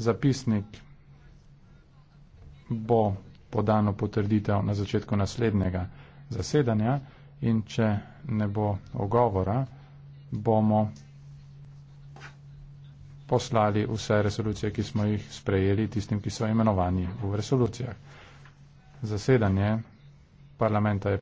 zapisnik bo podano potrditev na začetku naslednjega zasedanja in če ne bo ogovora, bomo poslali vse resolucije, ki smo jih sprejeli tistim, ki so imenovani v resolucijah. Zasedanje parlamenta je